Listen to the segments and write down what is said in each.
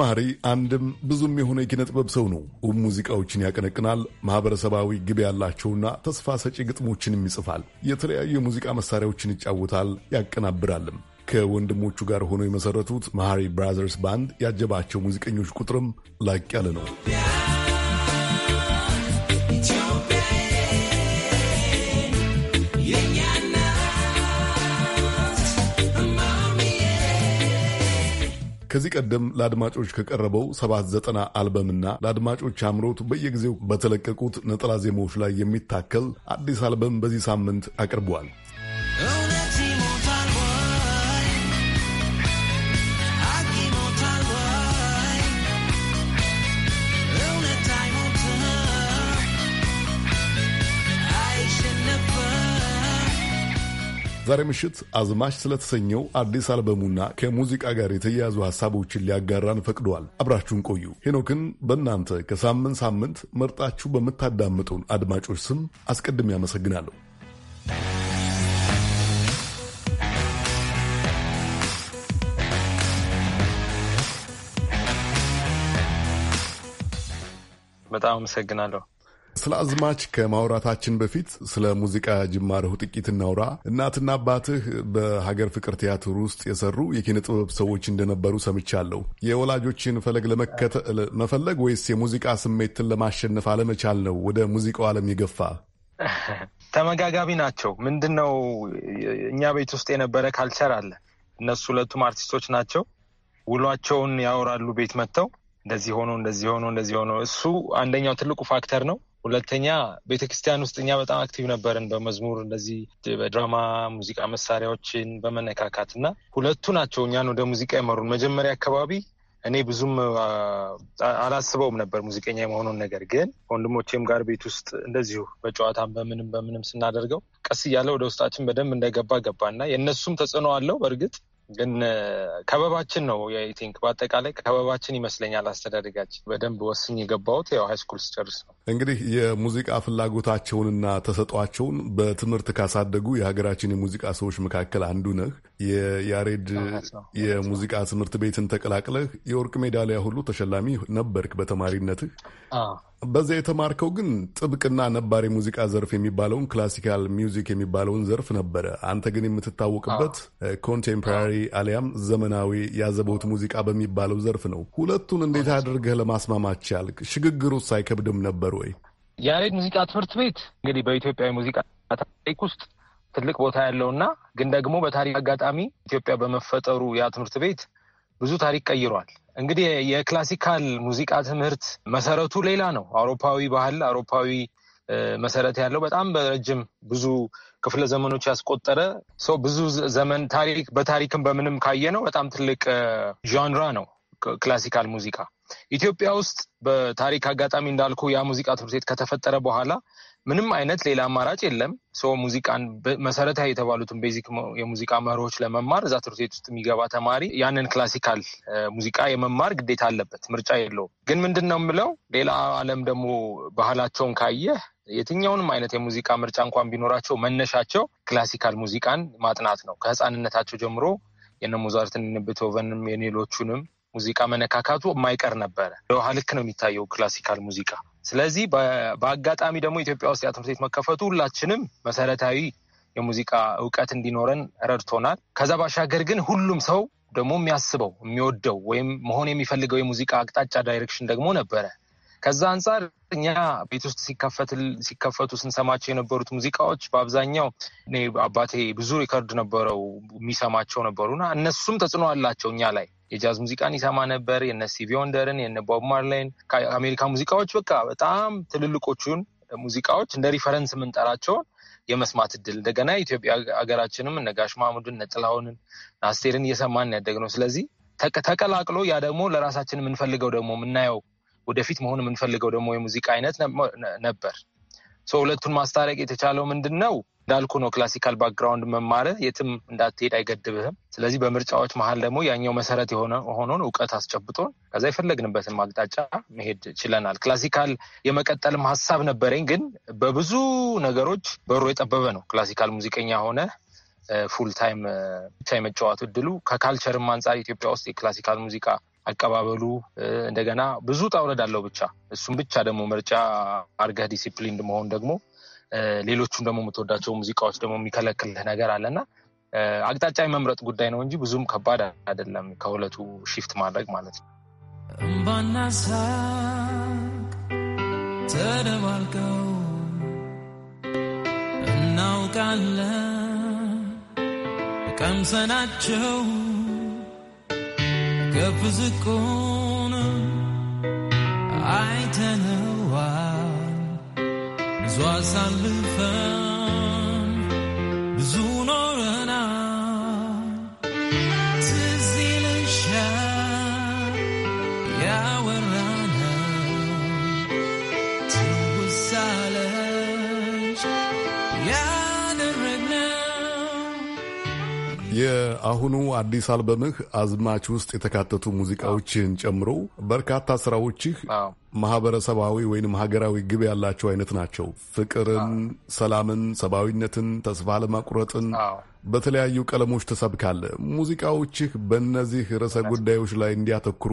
መሐሪ አንድም ብዙም የሆነ የኪነ ጥበብ ሰው ነው። ውብ ሙዚቃዎችን ያቀነቅናል። ማህበረሰባዊ ግብ ያላቸውና ተስፋ ሰጪ ግጥሞችንም ይጽፋል። የተለያዩ የሙዚቃ መሳሪያዎችን ይጫወታል፣ ያቀናብራልም። ከወንድሞቹ ጋር ሆነው የመሠረቱት መሐሪ ብራዘርስ ባንድ ያጀባቸው ሙዚቀኞች ቁጥርም ላቅ ያለ ነው። ከዚህ ቀደም ለአድማጮች ከቀረበው ሰባት ዘጠና አልበምና ለአድማጮች አምሮት በየጊዜው በተለቀቁት ነጠላ ዜማዎች ላይ የሚታከል አዲስ አልበም በዚህ ሳምንት አቅርበዋል። ዛሬ ምሽት አዝማች ስለተሰኘው አዲስ አልበሙና ከሙዚቃ ጋር የተያያዙ ሀሳቦችን ሊያጋራን ፈቅደዋል። አብራችሁን ቆዩ። ሄኖክን በእናንተ ከሳምንት ሳምንት መርጣችሁ በምታዳምጡን አድማጮች ስም አስቀድሜ አመሰግናለሁ። በጣም አመሰግናለሁ። ስለ አዝማች ከማውራታችን በፊት ስለ ሙዚቃ ጅማርህ ጥቂት እናውራ። እናትና አባትህ በሀገር ፍቅር ቲያትር ውስጥ የሰሩ የኪነ ጥበብ ሰዎች እንደነበሩ ሰምቻለሁ። የወላጆችን ፈለግ መፈለግ ወይስ የሙዚቃ ስሜትን ለማሸነፍ አለመቻል ነው ወደ ሙዚቃው ዓለም የገፋ? ተመጋጋቢ ናቸው። ምንድን ነው እኛ ቤት ውስጥ የነበረ ካልቸር አለ። እነሱ ሁለቱም አርቲስቶች ናቸው። ውሏቸውን ያወራሉ ቤት መጥተው እንደዚህ ሆኖ እንደዚህ ሆኖ እንደዚህ ሆኖ። እሱ አንደኛው ትልቁ ፋክተር ነው። ሁለተኛ ቤተክርስቲያን ውስጥ እኛ በጣም አክቲቭ ነበርን። በመዝሙር እንደዚህ በድራማ ሙዚቃ መሳሪያዎችን በመነካካት እና ሁለቱ ናቸው እኛን ወደ ሙዚቃ የመሩን። መጀመሪያ አካባቢ እኔ ብዙም አላስበውም ነበር ሙዚቀኛ የመሆኑን ነገር ግን ወንድሞቼም ጋር ቤት ውስጥ እንደዚሁ በጨዋታም በምንም በምንም ስናደርገው ቀስ እያለ ወደ ውስጣችን በደንብ እንደገባ እና የእነሱም ተጽዕኖ አለው በእርግጥ ግን ከበባችን ነው ቲንክ በአጠቃላይ ከበባችን ይመስለኛል አስተዳደጋችን በደንብ ወስኝ የገባሁት ያው ሃይስኩል ስጨርስ ነው። እንግዲህ የሙዚቃ ፍላጎታቸውንና ተሰጧቸውን በትምህርት ካሳደጉ የሀገራችን የሙዚቃ ሰዎች መካከል አንዱ ነህ። የያሬድ የሙዚቃ ትምህርት ቤትን ተቀላቅለህ የወርቅ ሜዳሊያ ሁሉ ተሸላሚ ነበርክ በተማሪነትህ። በዚያ የተማርከው ግን ጥብቅና ነባር የሙዚቃ ዘርፍ የሚባለውን ክላሲካል ሚውዚክ የሚባለውን ዘርፍ ነበረ። አንተ ግን የምትታወቅበት ኮንቴምፖራሪ አሊያም ዘመናዊ ያዘቦት ሙዚቃ በሚባለው ዘርፍ ነው። ሁለቱን እንዴት አድርገህ ለማስማማት ቻልክ? ሽግግሩ ሳይከብድም ነበር ወይ? ያሬድ ሙዚቃ ትምህርት ቤት እንግዲህ በኢትዮጵያ ሙዚቃ ታሪክ ውስጥ ትልቅ ቦታ ያለውና ግን ደግሞ በታሪክ አጋጣሚ ኢትዮጵያ በመፈጠሩ ያ ትምህርት ቤት ብዙ ታሪክ ቀይሯል። እንግዲህ የክላሲካል ሙዚቃ ትምህርት መሰረቱ ሌላ ነው። አውሮፓዊ ባህል፣ አውሮፓዊ መሰረት ያለው በጣም በረጅም ብዙ ክፍለ ዘመኖች ያስቆጠረ ሰው ብዙ ዘመን ታሪክ በታሪክም በምንም ካየ ነው በጣም ትልቅ ዣንራ ነው ክላሲካል ሙዚቃ። ኢትዮጵያ ውስጥ በታሪክ አጋጣሚ እንዳልኩ ያ ሙዚቃ ትምህርት ቤት ከተፈጠረ በኋላ ምንም አይነት ሌላ አማራጭ የለም። ሰው ሙዚቃን መሰረታዊ የተባሉትን ቤዚክ የሙዚቃ መርሆች ለመማር እዛ ትምህርት ቤት ውስጥ የሚገባ ተማሪ ያንን ክላሲካል ሙዚቃ የመማር ግዴታ አለበት። ምርጫ የለውም። ግን ምንድን ነው የምለው ሌላ ዓለም ደግሞ ባህላቸውን ካየህ የትኛውንም አይነት የሙዚቃ ምርጫ እንኳን ቢኖራቸው መነሻቸው ክላሲካል ሙዚቃን ማጥናት ነው። ከህፃንነታቸው ጀምሮ የነ ሞዛርትን ቤቶቨንም የሌሎቹንም ሙዚቃ መነካካቱ የማይቀር ነበረ። ለውሃ ልክ ነው የሚታየው ክላሲካል ሙዚቃ ስለዚህ በአጋጣሚ ደግሞ ኢትዮጵያ ውስጥ ያ ትምህርት ቤት መከፈቱ ሁላችንም መሰረታዊ የሙዚቃ እውቀት እንዲኖረን ረድቶናል። ከዛ ባሻገር ግን ሁሉም ሰው ደግሞ የሚያስበው የሚወደው ወይም መሆን የሚፈልገው የሙዚቃ አቅጣጫ ዳይሬክሽን ደግሞ ነበረ። ከዛ አንጻር እኛ ቤት ውስጥ ሲከፈቱ ስንሰማቸው የነበሩት ሙዚቃዎች በአብዛኛው አባቴ ብዙ ሪከርድ ነበረው የሚሰማቸው ነበሩና እነሱም ተጽዕኖ አላቸው እኛ ላይ የጃዝ ሙዚቃን ይሰማ ነበር። የነ ስቲቪ ወንደርን፣ የነ ቦብ ማርላይን ከአሜሪካ ሙዚቃዎች በቃ በጣም ትልልቆቹን ሙዚቃዎች እንደ ሪፈረንስ የምንጠራቸውን የመስማት እድል እንደገና ኢትዮጵያ ሀገራችንም እነ ጋሽ ማሙድን፣ እነ ጥላሁንን፣ አስቴርን እየሰማን ያደግነው ስለዚህ ተቀላቅሎ ያ ደግሞ ለራሳችን የምንፈልገው ደግሞ የምናየው ወደፊት መሆን የምንፈልገው ደግሞ የሙዚቃ አይነት ነበር። ሁለቱን ማስታረቅ የተቻለው ምንድን ነው? እንዳልኩ ነው ክላሲካል ባክግራውንድ መማር የትም እንዳትሄድ አይገድብህም። ስለዚህ በምርጫዎች መሀል ደግሞ ያኛው መሰረት የሆነ ሆኖን እውቀት አስጨብጦን ከዛ የፈለግንበትን ማቅጣጫ መሄድ ችለናል። ክላሲካል የመቀጠልም ሀሳብ ነበረኝ፣ ግን በብዙ ነገሮች በሮ የጠበበ ነው። ክላሲካል ሙዚቀኛ ሆነ ፉል ታይም ብቻ የመጫወት እድሉ ከካልቸርም አንጻር ኢትዮጵያ ውስጥ የክላሲካል ሙዚቃ አቀባበሉ እንደገና ብዙ ጣውረድ አለው። ብቻ እሱም ብቻ ደግሞ ምርጫ አርገህ ዲሲፕሊን መሆን ደግሞ ሌሎቹን ደግሞ የምትወዳቸው ሙዚቃዎች ደግሞ የሚከለክልህ ነገር አለና አቅጣጫ የመምረጥ ጉዳይ ነው እንጂ ብዙም ከባድ አይደለም። ከሁለቱ ሺፍት ማድረግ ማለት ነው። እምባና ሳቅ ተደባልቀው እናውቃለን ቀምሰናቸው ከፍዝቁን አይተነው ብዙ አሳልፈን ብዙ ነው በአሁኑ አዲስ አልበምህ አዝማች ውስጥ የተካተቱ ሙዚቃዎችህን ጨምሮ በርካታ ስራዎችህ ማህበረሰባዊ ወይንም ሀገራዊ ግብ ያላቸው አይነት ናቸው። ፍቅርን፣ ሰላምን፣ ሰብአዊነትን፣ ተስፋ ለማቁረጥን በተለያዩ ቀለሞች ተሰብካለ። ሙዚቃዎችህ በእነዚህ ርዕሰ ጉዳዮች ላይ እንዲያተኩሩ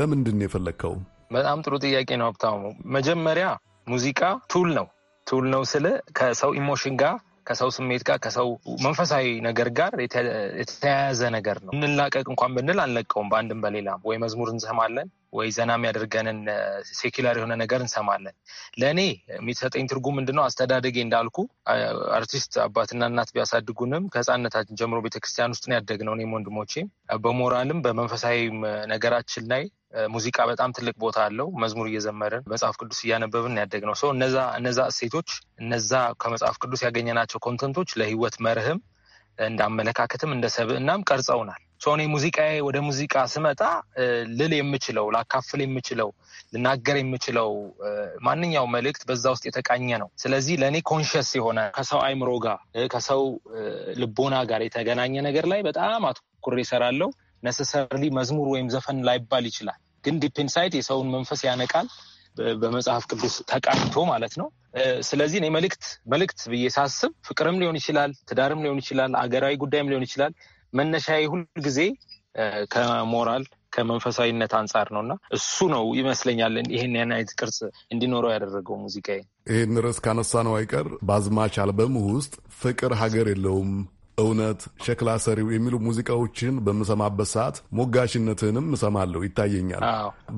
ለምንድን ነው የፈለግከው? በጣም ጥሩ ጥያቄ ነው ሀብታሙ። መጀመሪያ ሙዚቃ ቱል ነው። ቱል ነው ስለ ከሰው ኢሞሽን ጋር ከሰው ስሜት ጋር ከሰው መንፈሳዊ ነገር ጋር የተያያዘ ነገር ነው። እንላቀቅ እንኳን ብንል አንለቀውም። በአንድም በሌላም ወይ መዝሙር እንሰማለን ወይ ዘና የሚያደርገንን ሴኪላር የሆነ ነገር እንሰማለን። ለእኔ የሚሰጠኝ ትርጉም ምንድነው? አስተዳደጌ እንዳልኩ አርቲስት አባትና እናት ቢያሳድጉንም ከህፃነታችን ጀምሮ ቤተክርስቲያን ውስጥ ያደግነው እኔም ወንድሞቼም በሞራልም በመንፈሳዊ ነገራችን ላይ ሙዚቃ በጣም ትልቅ ቦታ አለው። መዝሙር እየዘመርን መጽሐፍ ቅዱስ እያነበብን ያደግ ነው። እነዛ እነዛ እሴቶች እነዛ ከመጽሐፍ ቅዱስ ያገኘናቸው ኮንተንቶች ለህይወት መርህም እንደ አመለካከትም እንደ ሰብእናም ቀርጸውናል። እኔ ሙዚቃ ወደ ሙዚቃ ስመጣ ልል የምችለው ላካፍል የምችለው ልናገር የምችለው ማንኛው መልእክት በዛ ውስጥ የተቃኘ ነው። ስለዚህ ለእኔ ኮንሽስ የሆነ ከሰው አይምሮ ጋር ከሰው ልቦና ጋር የተገናኘ ነገር ላይ በጣም አትኩሬ እሰራለሁ። ነሰሰርሊ መዝሙር ወይም ዘፈን ላይባል ይችላል። ግን ዲፕንሳይት የሰውን መንፈስ ያነቃል በመጽሐፍ ቅዱስ ተቃኝቶ ማለት ነው። ስለዚህ እኔ መልእክት መልእክት ብዬ ሳስብ ፍቅርም ሊሆን ይችላል፣ ትዳርም ሊሆን ይችላል፣ አገራዊ ጉዳይም ሊሆን ይችላል። መነሻዬ ሁል ጊዜ ከሞራል ከመንፈሳዊነት አንጻር ነው እና እሱ ነው ይመስለኛል ይህን አይነት ቅርጽ እንዲኖረው ያደረገው ሙዚቃ። ይህን ርዕስ ካነሳ ነው አይቀር በአዝማች አልበም ውስጥ ፍቅር ሀገር የለውም እውነት፣ ሸክላ ሰሪው የሚሉ ሙዚቃዎችን በምሰማበት ሰዓት ሞጋሽነትንም እሰማለሁ ይታየኛል።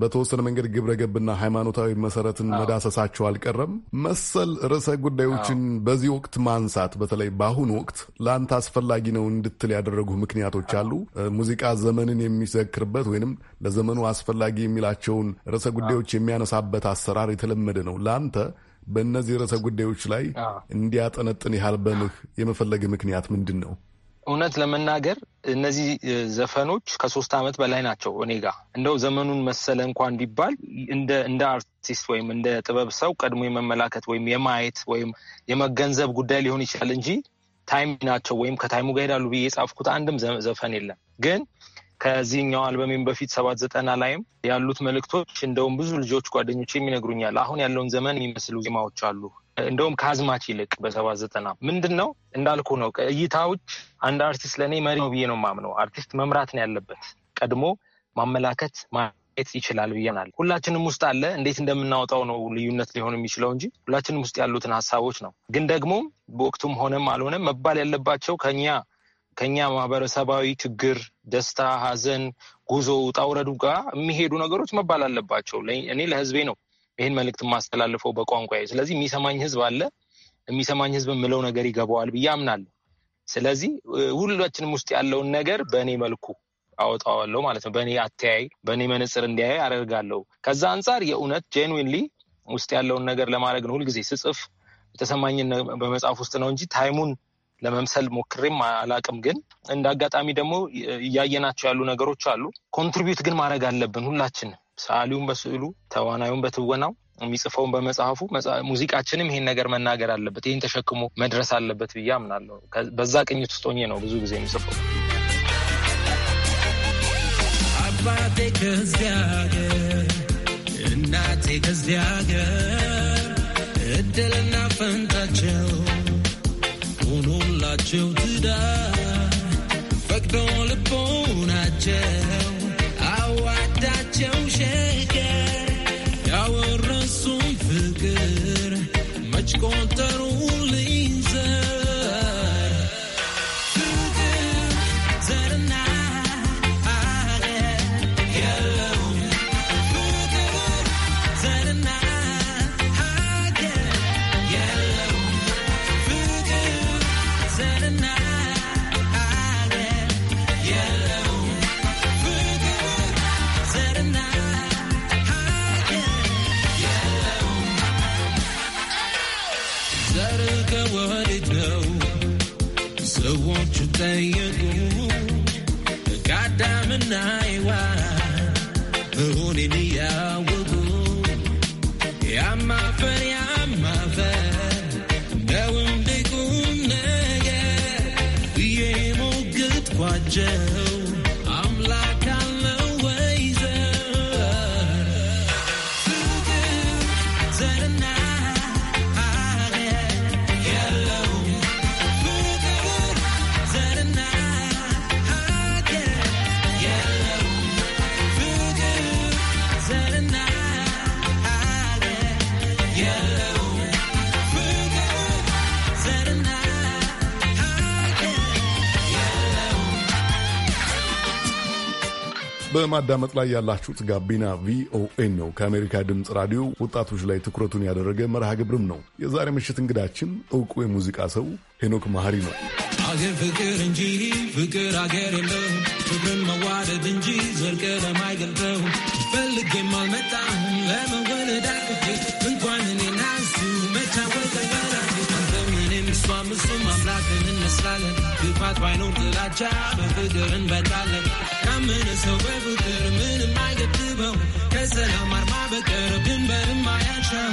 በተወሰነ መንገድ ግብረ ገብና ሃይማኖታዊ መሰረትን መዳሰሳቸው አልቀረም። መሰል ርዕሰ ጉዳዮችን በዚህ ወቅት ማንሳት በተለይ በአሁኑ ወቅት ለአንተ አስፈላጊ ነው እንድትል ያደረጉ ምክንያቶች አሉ? ሙዚቃ ዘመንን የሚዘክርበት ወይንም ለዘመኑ አስፈላጊ የሚላቸውን ርዕሰ ጉዳዮች የሚያነሳበት አሰራር የተለመደ ነው። ለአንተ በእነዚህ ርዕሰ ጉዳዮች ላይ እንዲያጠነጥን ያህል በምህ የመፈለግ ምክንያት ምንድን ነው? እውነት ለመናገር እነዚህ ዘፈኖች ከሶስት ዓመት በላይ ናቸው እኔ እንደው ዘመኑን መሰለ እንኳን ቢባል እንደ አርቲስት ወይም እንደ ጥበብ ሰው ቀድሞ የመመላከት ወይም የማየት ወይም የመገንዘብ ጉዳይ ሊሆን ይችላል እንጂ ታይም ናቸው ወይም ከታይሙ ጋር ሄዳሉ ብዬ የጻፍኩት አንድም ዘፈን የለም ግን ከዚህኛው አልበሜም በፊት ሰባት ዘጠና ላይም ያሉት መልእክቶች እንደውም ብዙ ልጆች ጓደኞች የሚነግሩኛል አሁን ያለውን ዘመን የሚመስሉ ዜማዎች አሉ። እንደውም ከአዝማች ይልቅ በሰባት ዘጠና ምንድን ነው እንዳልኩ ነው እይታዎች። አንድ አርቲስት ለእኔ መሪ ነው ብዬ ነው ማምነው አርቲስት መምራት ነው ያለበት። ቀድሞ ማመላከት ማየት ይችላል ብዬናል። ሁላችንም ውስጥ አለ። እንዴት እንደምናወጣው ነው ልዩነት ሊሆን የሚችለው እንጂ ሁላችንም ውስጥ ያሉትን ሀሳቦች ነው። ግን ደግሞ በወቅቱም ሆነም አልሆነም መባል ያለባቸው ከኛ ከኛ ማህበረሰባዊ ችግር፣ ደስታ፣ ሀዘን ጉዞ፣ ውጣ ውረዱ ጋር የሚሄዱ ነገሮች መባል አለባቸው። እኔ ለህዝቤ ነው ይህን መልእክት የማስተላልፈው በቋንቋ። ስለዚህ የሚሰማኝ ህዝብ አለ። የሚሰማኝ ህዝብ የምለው ነገር ይገባዋል ብዬ አምናለሁ። ስለዚህ ሁላችንም ውስጥ ያለውን ነገር በእኔ መልኩ አወጣዋለሁ ማለት ነው። በእኔ አተያይ፣ በእኔ መነጽር እንዲያይ አደርጋለሁ። ከዛ አንጻር የእውነት ጄንዊንሊ ውስጥ ያለውን ነገር ለማድረግ ነው ሁልጊዜ ስጽፍ የተሰማኝን በመጽሐፍ ውስጥ ነው እንጂ ታይሙን ለመምሰል ሞክሬም አላቅም። ግን እንደ አጋጣሚ ደግሞ እያየናቸው ያሉ ነገሮች አሉ። ኮንትሪቢዩት ግን ማድረግ አለብን ሁላችንም፣ ሰዓሊውን በስዕሉ፣ ተዋናዩን በትወናው፣ የሚጽፈውን በመጽሐፉ፣ ሙዚቃችንም ይሄን ነገር መናገር አለበት፣ ይህን ተሸክሞ መድረስ አለበት ብዬ አምናለሁ። በዛ ቅኝት ውስጥ ሆኜ ነው ብዙ ጊዜ የሚጽፈው። አባቴ ከዚያ እናቴ ከዚያ እድልና ፈንታቸው ያላቸው ትዳር ፈቅዶ ልቦናቸው አዋዳቸው ሸገር ያወረሱን ፍቅር መች ቆጠሩ So won't you there you go God damn it, I why Only the hour go Yeah, I'm my friend, I'm my friend Now I'm big on yeah We ain't all good quite just በማዳመጥ ላይ ያላችሁት ጋቢና ቪኦኤ ነው። ከአሜሪካ ድምፅ ራዲዮ ወጣቶች ላይ ትኩረቱን ያደረገ መርሃ ግብርም ነው። የዛሬ ምሽት እንግዳችን እውቁ የሙዚቃ ሰው ሄኖክ ማህሪ ነው። አገር ፍቅር እንጂ ፍቅር አገር የለው ፍቅርን መዋደድ እንጂ ዘርቀ ለማይገልጠው ፈልግ የማልመጣ ለመወለዳ እንኳን እኔና እሱ መታወቀ እሷም እሱም አምላክን እንመስላለን ግፋት ባይኖር ጥላቻ በፍቅር እንበጣለን ያላመነ ሰው በፍቅር ምንም አይገድበው ከሰላም አርማ በቀር ድንበር አያሻው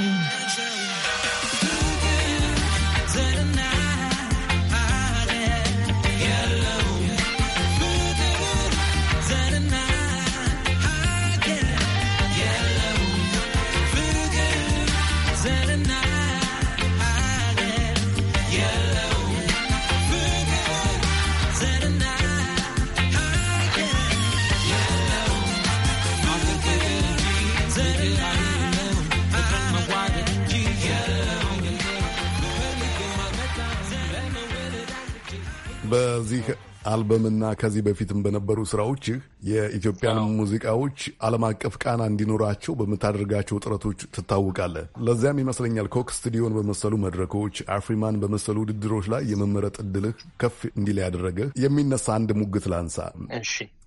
በዚህ አልበምና ከዚህ በፊትም በነበሩ ስራዎችህ የኢትዮጵያን ሙዚቃዎች ዓለም አቀፍ ቃና እንዲኖራቸው በምታደርጋቸው ጥረቶች ትታወቃለህ። ለዚያም ይመስለኛል ኮክ ስቱዲዮን በመሰሉ መድረኮች፣ አፍሪማን በመሰሉ ውድድሮች ላይ የመመረጥ እድልህ ከፍ እንዲል ያደረገ የሚነሳ አንድ ሙግት ላንሳ።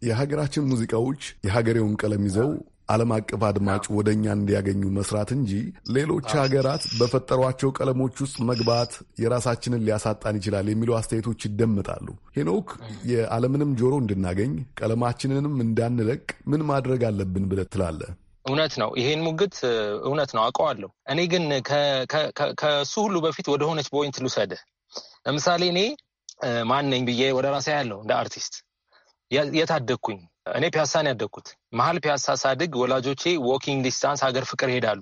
የሀገራችን ሙዚቃዎች የሀገሬውን ቀለም ይዘው ዓለም አቀፍ አድማጭ ወደ እኛ እንዲያገኙ መስራት እንጂ ሌሎች ሀገራት በፈጠሯቸው ቀለሞች ውስጥ መግባት የራሳችንን ሊያሳጣን ይችላል የሚሉ አስተያየቶች ይደመጣሉ። ሄኖክ፣ የዓለምንም ጆሮ እንድናገኝ ቀለማችንንም እንዳንለቅ ምን ማድረግ አለብን ብለህ ትላለህ? እውነት ነው። ይሄን ሙግት እውነት ነው አውቀዋለሁ። እኔ ግን ከእሱ ሁሉ በፊት ወደ ሆነች ፖይንት ልውሰድህ። ለምሳሌ እኔ ማን ነኝ ብዬ ወደ ራሴ ያለው እንደ አርቲስት የታደግኩኝ እኔ ፒያሳን ያደግኩት መሀል ፒያሳ ሳድግ ወላጆቼ ዎኪንግ ዲስታንስ ሀገር ፍቅር ይሄዳሉ።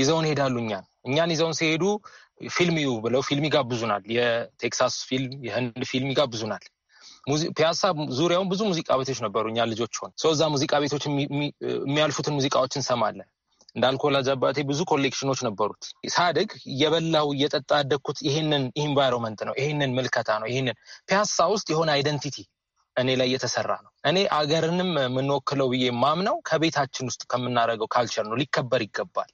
ይዘውን ይሄዳሉ እኛን እኛን ይዘውን ሲሄዱ ፊልም ዩ ብለው ፊልም ይጋብዙናል። የቴክሳስ ፊልም፣ የህንድ ፊልም ይጋብዙናል። ፒያሳ ዙሪያውን ብዙ ሙዚቃ ቤቶች ነበሩ። እኛ ልጆች ሆን ሰው እዛ ሙዚቃ ቤቶች የሚያልፉትን ሙዚቃዎች እንሰማለን። እንዳልኩ ወላጅ አባቴ ብዙ ኮሌክሽኖች ነበሩት። ሳድግ የበላው እየጠጣ ያደግኩት ይህንን ኢንቫይሮመንት ነው፣ ይህንን ምልከታ ነው። ይህንን ፒያሳ ውስጥ የሆነ አይደንቲቲ እኔ ላይ እየተሰራ ነው። እኔ አገርንም የምንወክለው ብዬ ማምነው ከቤታችን ውስጥ ከምናደርገው ካልቸር ነው። ሊከበር ይገባል።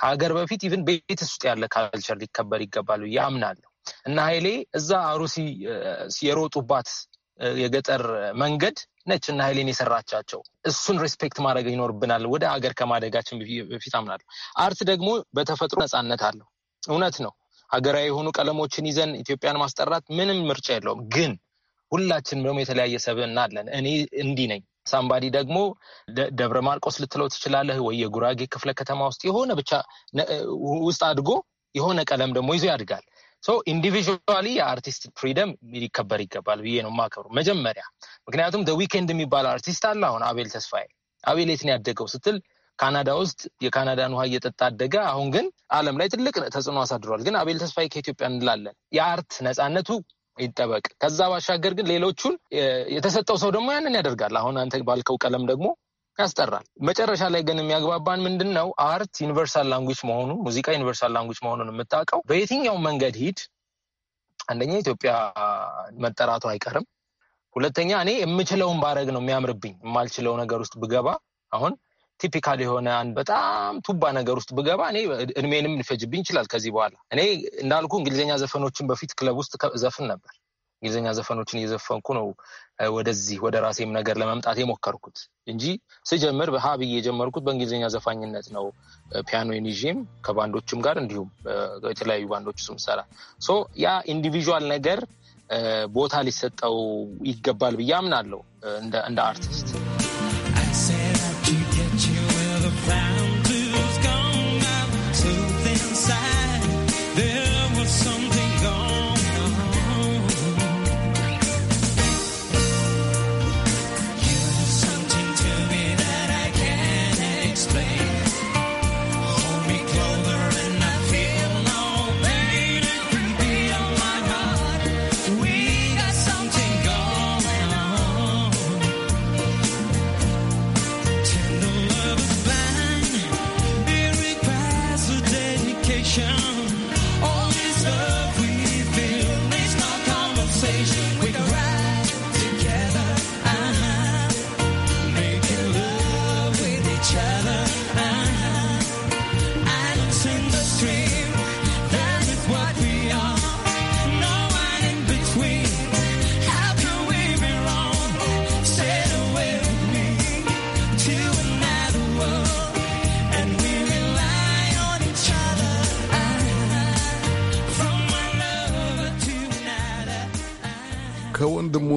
ከሀገር በፊት ኢቭን ቤት ውስጥ ያለ ካልቸር ሊከበር ይገባል ብዬ አምናለሁ እና ኃይሌ እዛ አሩሲ የሮጡባት የገጠር መንገድ ነች እና ኃይሌን የሰራቻቸው እሱን ሬስፔክት ማድረግ ይኖርብናል። ወደ አገር ከማደጋችን በፊት አምናለሁ። አርት ደግሞ በተፈጥሮ ነፃነት አለው። እውነት ነው። ሀገራዊ የሆኑ ቀለሞችን ይዘን ኢትዮጵያን ማስጠራት ምንም ምርጫ የለውም ግን ሁላችንም ደግሞ የተለያየ ሰብዕና አለን። እኔ እንዲህ ነኝ ሳምባዲ ደግሞ ደብረ ማርቆስ ልትለው ትችላለህ ወይ የጉራጌ ክፍለ ከተማ ውስጥ የሆነ ብቻ ውስጥ አድጎ የሆነ ቀለም ደግሞ ይዞ ያድጋል። ሶ ኢንዲቪዥዋሊ የአርቲስት ፍሪደም ሊከበር ይገባል ብዬ ነው ማከብሩ መጀመሪያ። ምክንያቱም ዊኬንድ የሚባል አርቲስት አለ። አሁን አቤል ተስፋዬ አቤል የት ነው ያደገው ስትል ካናዳ ውስጥ የካናዳን ውሃ እየጠጣ አደገ። አሁን ግን ዓለም ላይ ትልቅ ተጽዕኖ አሳድሯል። ግን አቤል ተስፋዬ ከኢትዮጵያ እንላለን። የአርት ነፃነቱ ይጠበቅ። ከዛ ባሻገር ግን ሌሎቹን የተሰጠው ሰው ደግሞ ያንን ያደርጋል። አሁን አንተ ባልከው ቀለም ደግሞ ያስጠራል። መጨረሻ ላይ ግን የሚያግባባን ምንድን ነው? አርት ዩኒቨርሳል ላንጉጅ መሆኑ ሙዚቃ ዩኒቨርሳል ላንጉጅ መሆኑን የምታውቀው በየትኛው መንገድ ሂድ፣ አንደኛ ኢትዮጵያ መጠራቱ አይቀርም። ሁለተኛ እኔ የምችለውን ባረግ ነው የሚያምርብኝ። የማልችለው ነገር ውስጥ ብገባ አሁን ቲፒካል የሆነ አንድ በጣም ቱባ ነገር ውስጥ ብገባ እኔ እድሜንም ሊፈጅብኝ ይችላል። ከዚህ በኋላ እኔ እንዳልኩ እንግሊዝኛ ዘፈኖችን በፊት ክለብ ውስጥ ዘፍን ነበር። እንግሊዝኛ ዘፈኖችን እየዘፈንኩ ነው ወደዚህ ወደ ራሴም ነገር ለመምጣት የሞከርኩት እንጂ ስጀምር በሀ ብዬ የጀመርኩት በእንግሊዝኛ ዘፋኝነት ነው። ፒያኖ ይዤም ከባንዶችም ጋር እንዲሁም የተለያዩ ባንዶች ውስጥ ምሰራ ያ ኢንዲቪዥዋል ነገር ቦታ ሊሰጠው ይገባል ብዬ አምናለሁ እንደ አርቲስት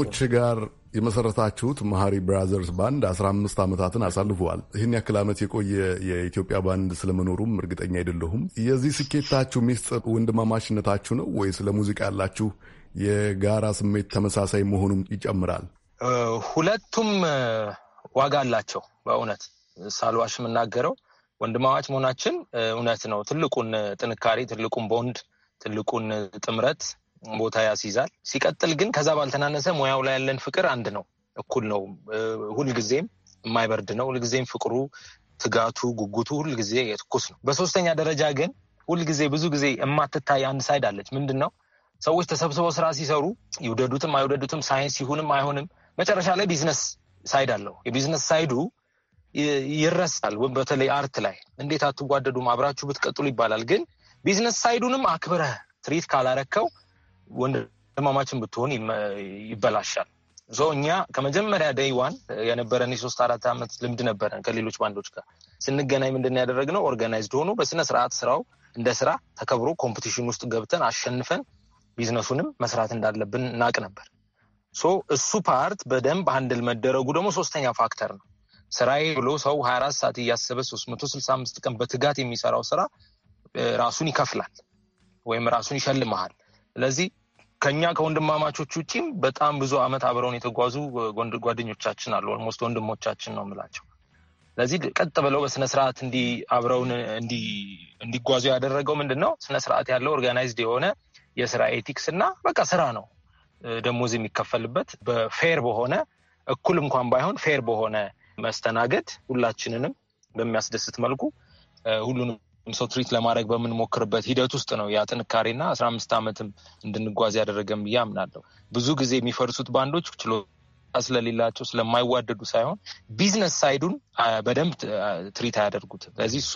ከወንድሞች ጋር የመሰረታችሁት መሐሪ ብራዘርስ ባንድ 15 ዓመታትን አሳልፈዋል። ይህን ያክል ዓመት የቆየ የኢትዮጵያ ባንድ ስለመኖሩም እርግጠኛ አይደለሁም። የዚህ ስኬታችሁ ሚስጥር ወንድማማችነታችሁ ነው ወይስ ለሙዚቃ ያላችሁ የጋራ ስሜት ተመሳሳይ መሆኑም ይጨምራል? ሁለቱም ዋጋ አላቸው። በእውነት ሳልዋሽ የምናገረው ወንድማማች መሆናችን እውነት ነው። ትልቁን ጥንካሬ፣ ትልቁን ቦንድ፣ ትልቁን ጥምረት ቦታ ያስይዛል። ሲቀጥል ግን ከዛ ባልተናነሰ ሙያው ላይ ያለን ፍቅር አንድ ነው፣ እኩል ነው። ሁልጊዜም የማይበርድ ነው። ሁልጊዜም ፍቅሩ፣ ትጋቱ፣ ጉጉቱ ሁልጊዜ የትኩስ ነው። በሶስተኛ ደረጃ ግን ሁልጊዜ ብዙ ጊዜ የማትታይ አንድ ሳይድ አለች። ምንድን ነው ሰዎች ተሰብስበው ስራ ሲሰሩ ይውደዱትም አይውደዱትም፣ ሳይንስ ይሁንም አይሆንም፣ መጨረሻ ላይ ቢዝነስ ሳይድ አለው። የቢዝነስ ሳይዱ ይረሳል። በተለይ አርት ላይ እንዴት አትጓደዱም አብራችሁ ብትቀጥሉ ይባላል። ግን ቢዝነስ ሳይዱንም አክብረህ ትሪት ካላረከው ወንድማማችን ብትሆን ይበላሻል። እኛ ከመጀመሪያ ደይዋን eh, የነበረን የሶስት አራት ዓመት ልምድ ነበረን ከሌሎች ባንዶች ጋር ስንገናኝ ምንድን ያደረግነው ኦርጋናይዝድ ሆኖ በስነ ስርዓት ስራው እንደ ስራ ተከብሮ ኮምፒቲሽን ውስጥ ገብተን አሸንፈን ቢዝነሱንም መስራት እንዳለብን እናቅ ነበር። ሶ እሱ ፓርት በደንብ ሀንድል መደረጉ ደግሞ ሶስተኛ ፋክተር ነው። ስራዬ ብሎ ሰው 24 አራት ሰዓት እያሰበ ሶስት መቶ ስልሳ አምስት ቀን በትጋት የሚሰራው ስራ eh, ራሱን ይከፍላል ወይም ራሱን ይሸልመሃል። ስለዚህ ከኛ ከወንድማማቾች ውጪም በጣም ብዙ አመት አብረውን የተጓዙ ጓደኞቻችን አሉ። ኦልሞስት ወንድሞቻችን ነው ምላቸው። ስለዚህ ቀጥ ብለው በስነስርዓት እንዲ አብረውን እንዲጓዙ ያደረገው ምንድን ነው? ስነስርዓት ያለው ኦርጋናይዝድ የሆነ የስራ ኤቲክስ እና በቃ ስራ ነው ደሞዝ የሚከፈልበት በፌር በሆነ እኩል እንኳን ባይሆን ፌር በሆነ መስተናገድ ሁላችንንም በሚያስደስት መልኩ ሁሉንም ሰው ትሪት ለማድረግ በምንሞክርበት ሂደት ውስጥ ነው ያ ጥንካሬና አስራ አምስት ዓመትም እንድንጓዝ ያደረገም ብዬ አምናለሁ። ብዙ ጊዜ የሚፈርሱት ባንዶች ችሎ ስለሌላቸው ስለማይዋደዱ ሳይሆን ቢዝነስ ሳይዱን በደንብ ትሪት አያደርጉትም። ስለዚህ እሱ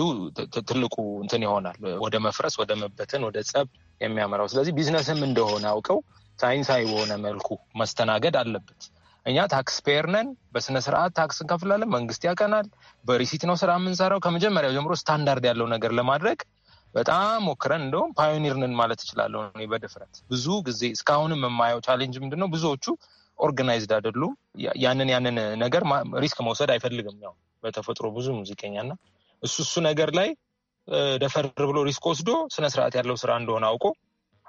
ትልቁ እንትን ይሆናል ወደ መፍረስ፣ ወደ መበተን፣ ወደ ጸብ የሚያመራው። ስለዚህ ቢዝነስም እንደሆነ አውቀው ሳይንሳዊ በሆነ መልኩ መስተናገድ አለበት። እኛ ታክስ ፔየር ነን። በስነ ስርዓት ታክስ እንከፍላለን። መንግስት ያቀናል። በሪሲት ነው ስራ የምንሰራው። ከመጀመሪያው ጀምሮ ስታንዳርድ ያለው ነገር ለማድረግ በጣም ሞክረን እንደውም ፓዮኒር ነን ማለት እችላለሁ እኔ በድፍረት። ብዙ ጊዜ እስካሁንም የማየው ቻሌንጅ ምንድን ነው? ብዙዎቹ ኦርጋናይዝድ አይደሉም። ያንን ያንን ነገር ሪስክ መውሰድ አይፈልግም። ያው በተፈጥሮ ብዙ ሙዚቀኛና እሱ እሱ ነገር ላይ ደፈር ብሎ ሪስክ ወስዶ ስነስርዓት ያለው ስራ እንደሆነ አውቆ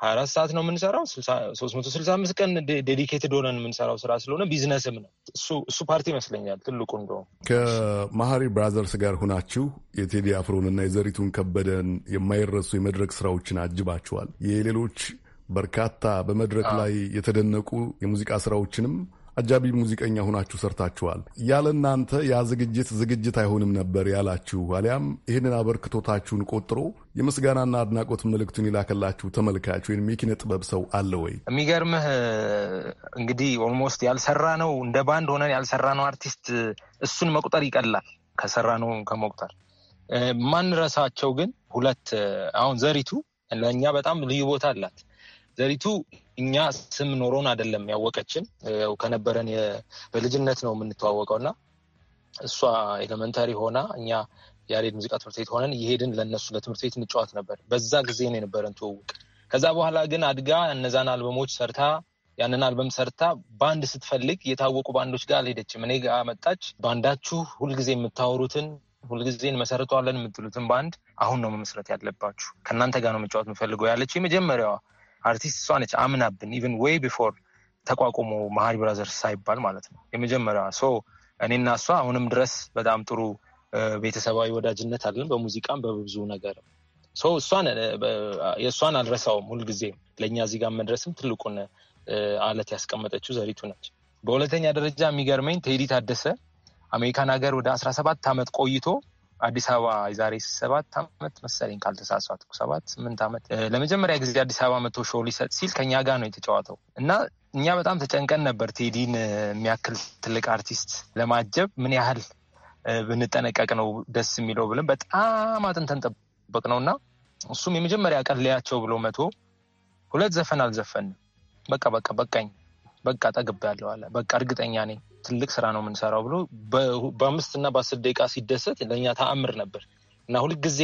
ሀያ አራት ሰዓት ነው የምንሰራው። ሶስት መቶ ስልሳ አምስት ቀን ዴዲኬትድ ሆነን የምንሰራው ስራ ስለሆነ ቢዝነስም ነው እሱ ፓርቲ ይመስለኛል ትልቁ። እንደውም ከማሀሪ ብራዘርስ ጋር ሁናችሁ የቴዲ አፍሮንና የዘሪቱን ከበደን የማይረሱ የመድረክ ስራዎችን አጅባችኋል። የሌሎች በርካታ በመድረክ ላይ የተደነቁ የሙዚቃ ስራዎችንም አጃቢ ሙዚቀኛ ሆናችሁ ሰርታችኋል። ያለ እናንተ ያ ዝግጅት ዝግጅት አይሆንም ነበር ያላችሁ አሊያም ይህንን አበርክቶታችሁን ቆጥሮ የምስጋናና አድናቆት መልእክቱን ይላከላችሁ ተመልካች ወይም የኪነ ጥበብ ሰው አለ ወይ? የሚገርምህ እንግዲህ ኦልሞስት ያልሰራ ነው እንደ ባንድ ሆነን ያልሰራ ነው አርቲስት እሱን መቁጠር ይቀላል ከሰራ ነው ከመቁጠር ማንረሳቸው ግን ሁለት አሁን ዘሪቱ ለእኛ በጣም ልዩ ቦታ አላት። ዘሪቱ እኛ ስም ኖሮን አይደለም ያወቀችን። ያው ከነበረን በልጅነት ነው የምንተዋወቀው እና እሷ ኤሌመንታሪ ሆና እኛ ያሬድ ሙዚቃ ትምህርት ቤት ሆነን እየሄድን ለእነሱ ለትምህርት ቤት እንጫወት ነበር። በዛ ጊዜ ነው የነበረን ትውውቅ። ከዛ በኋላ ግን አድጋ እነዛን አልበሞች ሰርታ ያንን አልበም ሰርታ ባንድ ስትፈልግ የታወቁ ባንዶች ጋር አልሄደችም። እኔ ጋ መጣች። ባንዳችሁ ሁልጊዜ የምታወሩትን ሁልጊዜ እንመሰርተዋለን የምትሉትን ባንድ አሁን ነው መመስረት ያለባችሁ፣ ከእናንተ ጋር ነው መጫወት የምፈልገው ያለች የመጀመሪያዋ አርቲስት እሷ ነች አምናብን ኢቨን ወይ ቢፎር ተቋቁሞ መሀሪ ብራዘርስ ሳይባል ማለት ነው የመጀመሪያ ሶ እኔና እሷ አሁንም ድረስ በጣም ጥሩ ቤተሰባዊ ወዳጅነት አለን በሙዚቃም በብዙ ነገር እሷን የእሷን አልረሳውም ሁልጊዜ ለእኛ እዚህ ጋር መድረስም ትልቁን አለት ያስቀመጠችው ዘሪቱ ነች በሁለተኛ ደረጃ የሚገርመኝ ቴዲ ታደሰ አሜሪካን ሀገር ወደ አስራ ሰባት ዓመት ቆይቶ አዲስ አበባ የዛሬ ሰባት ዓመት መሰለኝ ካልተሳሳትኩ፣ ሰባት ስምንት ዓመት ለመጀመሪያ ጊዜ አዲስ አበባ መቶ ሾው ሊሰጥ ሲል ከኛ ጋር ነው የተጫወተው እና እኛ በጣም ተጨንቀን ነበር። ቴዲን የሚያክል ትልቅ አርቲስት ለማጀብ ምን ያህል ብንጠነቀቅ ነው ደስ የሚለው ብለን በጣም አጥንተን ጠበቅ ነው እና እሱም የመጀመሪያ ቀን ሊያቸው ብሎ መቶ ሁለት ዘፈን አልዘፈንም። በቃ በቃ በቃኝ በቃ ጠግቤያለሁ አለ። በቃ እርግጠኛ ነኝ ትልቅ ስራ ነው የምንሰራው ብሎ በአምስት እና በአስር ደቂቃ ሲደሰት ለእኛ ተአምር ነበር እና ሁልጊዜ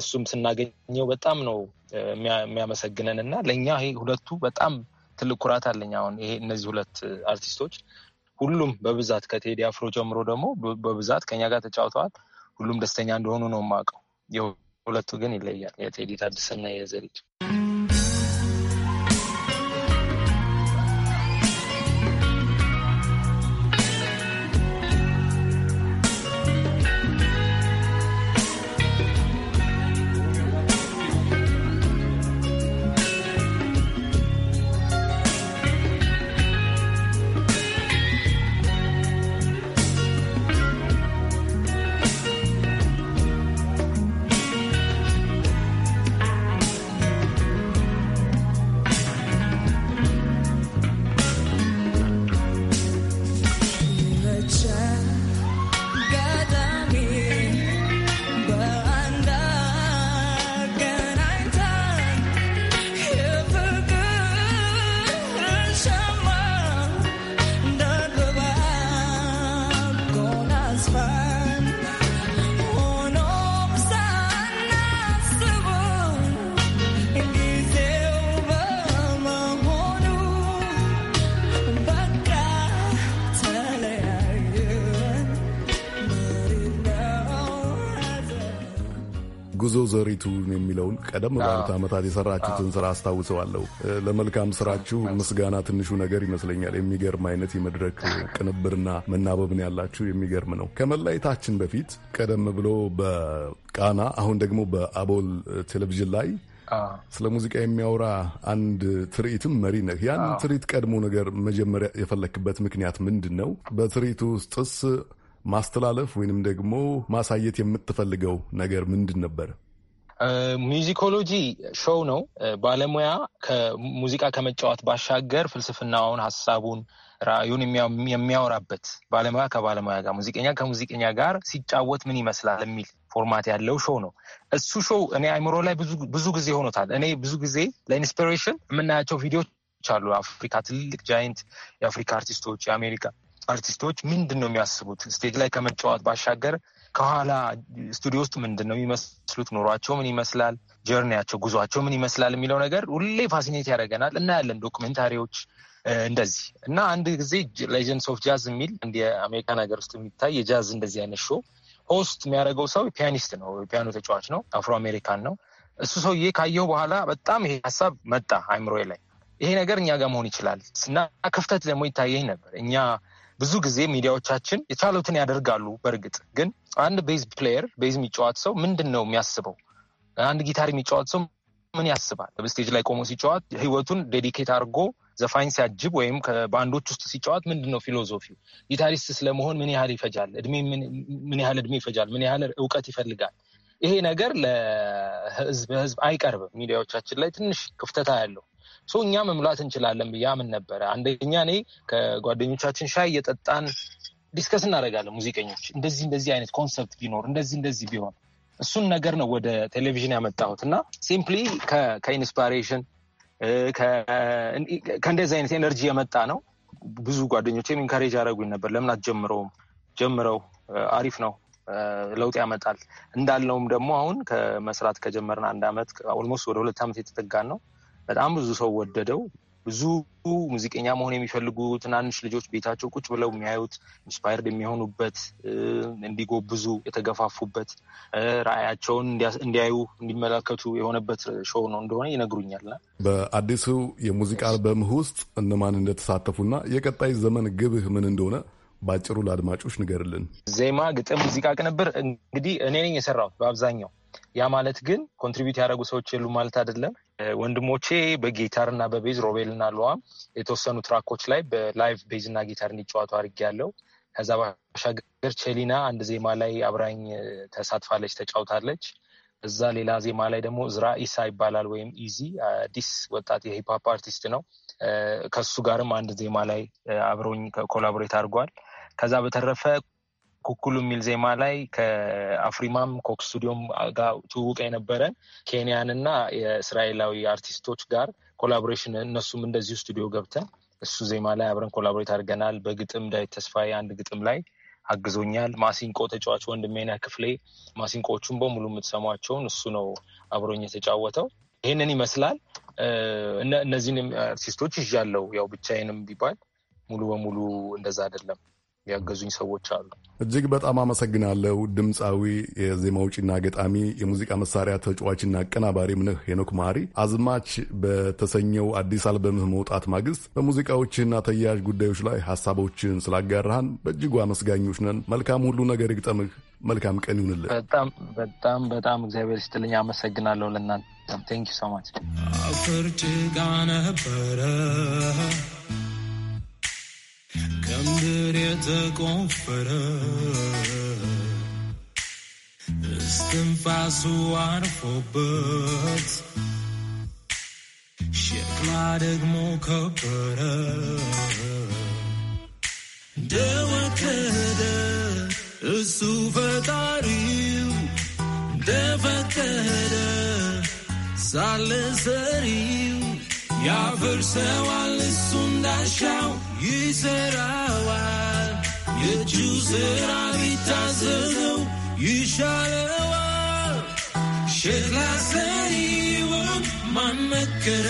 እሱም ስናገኘው በጣም ነው የሚያመሰግነን እና ለእኛ ይሄ ሁለቱ በጣም ትልቅ ኩራት አለኝ። አሁን ይሄ እነዚህ ሁለት አርቲስቶች ሁሉም በብዛት ከቴዲ አፍሮ ጀምሮ ደግሞ በብዛት ከኛ ጋር ተጫውተዋል። ሁሉም ደስተኛ እንደሆኑ ነው የማውቀው። የሁለቱ ግን ይለያል። የቴዲ ታድስና የዘሪቱ ዘሪቱ የሚለውን ቀደም ባሉት ዓመታት የሰራችሁትን ስራ አስታውሰዋለሁ። ለመልካም ስራችሁ ምስጋና ትንሹ ነገር ይመስለኛል። የሚገርም አይነት የመድረክ ቅንብርና መናበብን ያላችሁ የሚገርም ነው። ከመላይታችን በፊት ቀደም ብሎ በቃና አሁን ደግሞ በአቦል ቴሌቪዥን ላይ ስለ ሙዚቃ የሚያወራ አንድ ትርኢትም መሪ ነህ። ያን ትርኢት ቀድሞ ነገር መጀመሪያ የፈለክበት ምክንያት ምንድን ነው? በትርኢቱ ውስጥስ ማስተላለፍ ወይንም ደግሞ ማሳየት የምትፈልገው ነገር ምንድን ነበር? ሚውዚኮሎጂ ሾው ነው። ባለሙያ ከሙዚቃ ከመጫወት ባሻገር ፍልስፍናውን፣ ሀሳቡን፣ ራእዩን የሚያወራበት ባለሙያ ከባለሙያ ጋር ሙዚቀኛ ከሙዚቀኛ ጋር ሲጫወት ምን ይመስላል የሚል ፎርማት ያለው ሾው ነው። እሱ ሾው እኔ አይምሮ ላይ ብዙ ጊዜ ሆኖታል። እኔ ብዙ ጊዜ ለኢንስፒሬሽን የምናያቸው ቪዲዮዎች አሉ። አፍሪካ ትልቅ ጃይንት የአፍሪካ አርቲስቶች፣ የአሜሪካ አርቲስቶች ምንድን ነው የሚያስቡት ስቴጅ ላይ ከመጫወት ባሻገር ከኋላ ስቱዲዮ ውስጥ ምንድን ነው የሚመስሉት፣ ኑሯቸው ምን ይመስላል፣ ጀርኒያቸው ጉዟቸው ምን ይመስላል የሚለው ነገር ሁሌ ፋሲኔት ያደርገናል እና ያለን ዶክሜንታሪዎች እንደዚህ እና አንድ ጊዜ ሌጀንድስ ኦፍ ጃዝ የሚል እንደ አሜሪካን ሀገር ውስጥ የሚታይ የጃዝ እንደዚህ አይነት ሾው ሆስት የሚያደርገው ሰው ፒያኒስት ነው፣ ፒያኖ ተጫዋች ነው፣ አፍሮ አሜሪካን ነው። እሱ ሰውዬ ካየው በኋላ በጣም ይሄ ሀሳብ መጣ አይምሮዬ ላይ ይሄ ነገር እኛ ጋር መሆን ይችላል እና ክፍተት ደግሞ ይታየኝ ነበር እኛ ብዙ ጊዜ ሚዲያዎቻችን የቻሉትን ያደርጋሉ። በእርግጥ ግን አንድ ቤዝ ፕሌየር ቤዝ የሚጫወት ሰው ምንድን ነው የሚያስበው? አንድ ጊታር የሚጫወት ሰው ምን ያስባል? በስቴጅ ላይ ቆሞ ሲጫወት ህይወቱን ዴዲኬት አድርጎ ዘፋኝ ሲያጅብ ወይም ከባንዶች ውስጥ ሲጫወት ምንድን ነው ፊሎዞፊው? ጊታሪስት ስለመሆን ምን ያህል ይፈጃል? እድሜ ምን ያህል እድሜ ይፈጃል? ምን ያህል እውቀት ይፈልጋል? ይሄ ነገር ለህዝብ ህዝብ አይቀርብም። ሚዲያዎቻችን ላይ ትንሽ ክፍተታ ያለው ሰው እኛ መሙላት እንችላለን ብዬ አምን ነበረ። አንደኛ እኔ ከጓደኞቻችን ሻይ እየጠጣን ዲስከስ እናደርጋለን። ሙዚቀኞች እንደዚህ እንደዚህ አይነት ኮንሰፕት ቢኖር እንደዚህ እንደዚህ ቢሆን እሱን ነገር ነው ወደ ቴሌቪዥን ያመጣሁት እና ሲምፕሊ ከኢንስፓሬሽን ከእንደዚህ አይነት ኤነርጂ የመጣ ነው። ብዙ ጓደኞቼም ኢንካሬጅ አደረጉኝ ነበር። ለምን አትጀምረውም? ጀምረው፣ አሪፍ ነው፣ ለውጥ ያመጣል። እንዳለውም ደግሞ አሁን ከመስራት ከጀመርን አንድ ዓመት ኦልሞስት ወደ ሁለት ዓመት የተጠጋን ነው። በጣም ብዙ ሰው ወደደው። ብዙ ሙዚቀኛ መሆን የሚፈልጉ ትናንሽ ልጆች ቤታቸው ቁጭ ብለው የሚያዩት ኢንስፓየርድ የሚሆኑበት እንዲጎብዙ የተገፋፉበት ራዕያቸውን እንዲያዩ እንዲመለከቱ የሆነበት ሾው ነው እንደሆነ ይነግሩኛልና በአዲሱ የሙዚቃ አልበምህ ውስጥ እነማን እንደተሳተፉና የቀጣይ ዘመን ግብህ ምን እንደሆነ በአጭሩ ለአድማጮች ንገርልን። ዜማ፣ ግጥም፣ ሙዚቃ ቅንብር እንግዲህ እኔ ነኝ የሰራሁት በአብዛኛው ያ ማለት ግን ኮንትሪቢዩት ያደረጉ ሰዎች የሉ ማለት አይደለም። ወንድሞቼ በጊታር እና በቤዝ ሮቤል እና ለዋም የተወሰኑ ትራኮች ላይ በላይቭ ቤዝ እና ጊታር እንዲጫወቱ ያለው ከዛ ባሻገር ቼሊና አንድ ዜማ ላይ አብራኝ ተሳትፋለች፣ ተጫውታለች። እዛ ሌላ ዜማ ላይ ደግሞ ዝራ ኢሳ ይባላል ወይም ኢዚ አዲስ ወጣት የሂፕሆፕ አርቲስት ነው። ከሱ ጋርም አንድ ዜማ ላይ አብሮኝ ኮላቦሬት አድርጓል። ከዛ በተረፈ ኩኩሉ የሚል ዜማ ላይ ከአፍሪማም ኮክ ስቱዲዮም ጋር ትውውቅ የነበረ ኬንያን እና የእስራኤላዊ አርቲስቶች ጋር ኮላቦሬሽን እነሱም እንደዚሁ ስቱዲዮ ገብተን እሱ ዜማ ላይ አብረን ኮላቦሬት አድርገናል። በግጥም ዳዊት ተስፋዬ አንድ ግጥም ላይ አግዞኛል። ማሲንቆ ተጫዋች ወንድሜና ክፍሌ ማሲንቆቹን በሙሉ የምትሰሟቸውን እሱ ነው አብሮኝ የተጫወተው። ይህንን ይመስላል። እነዚህን አርቲስቶች ይዣለው። ያው ብቻዬንም ቢባል ሙሉ በሙሉ እንደዛ አይደለም። ያገዙኝ ሰዎች አሉ። እጅግ በጣም አመሰግናለሁ። ድምፃዊ፣ የዜማ ውጪና ገጣሚ፣ የሙዚቃ መሳሪያ ተጫዋችና አቀናባሪ ምንህ ሄኖክ ማሪ። አዝማች በተሰኘው አዲስ አልበምህ መውጣት ማግስት በሙዚቃዎችና ተያያዥ ጉዳዮች ላይ ሀሳቦችን ስላጋራህን በእጅጉ አመስጋኞች ነን። መልካም ሁሉ ነገር ይግጠምህ። መልካም ቀን ይሁንልን። በጣም በጣም በጣም እግዚአብሔር ስትልኝ አመሰግናለሁ። ለእናንተ ቴንክ ዩ ሶ ማች። ነበረ ከምድር የተቆፈረ እስትንፋሱ አርፎበት ሸክላ ደግሞ ከበረ ደወ ከደ እሱ ፈጣሪው እንደፈቀደ ሳለ ሰሪው ያፈርሰዋል እሱ እንዳሻው ይሰራዋል የእጁ ስራ ቢታዘዘው ይሻለዋል። ሸክላ ሰሪውን ማመከረ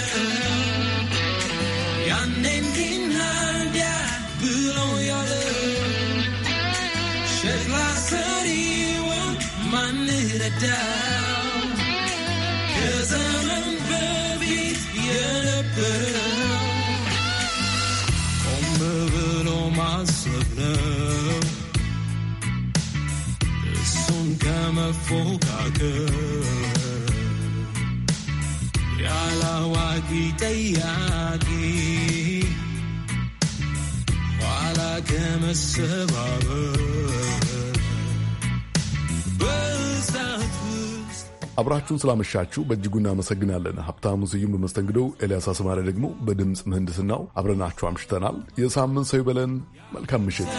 ያኔ እንዲናዳ ብሎ ያለ ሸክላ ሰሪውን ማንረዳ ከዘመን በፊት የነበረ ነው እሱን ከመፎካከር ያላዋቂ ጠያቂ ኋላ ከመሰባበር አብራችሁን ስላመሻችሁ በእጅጉ እናመሰግናለን። ሀብታሙ ስዩም በመስተንግዶው፣ ኤልያስ አስማሪ ደግሞ በድምፅ ምህንድስናው አብረናችሁ አምሽተናል። የሳምንት ሰው ይበለን። መልካም ምሽት።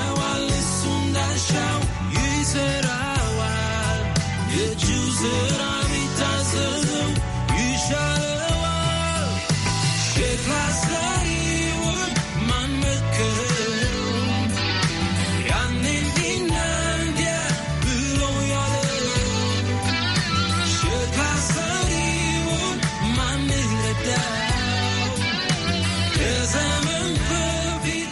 ይሰራዋል የእጁ ስራ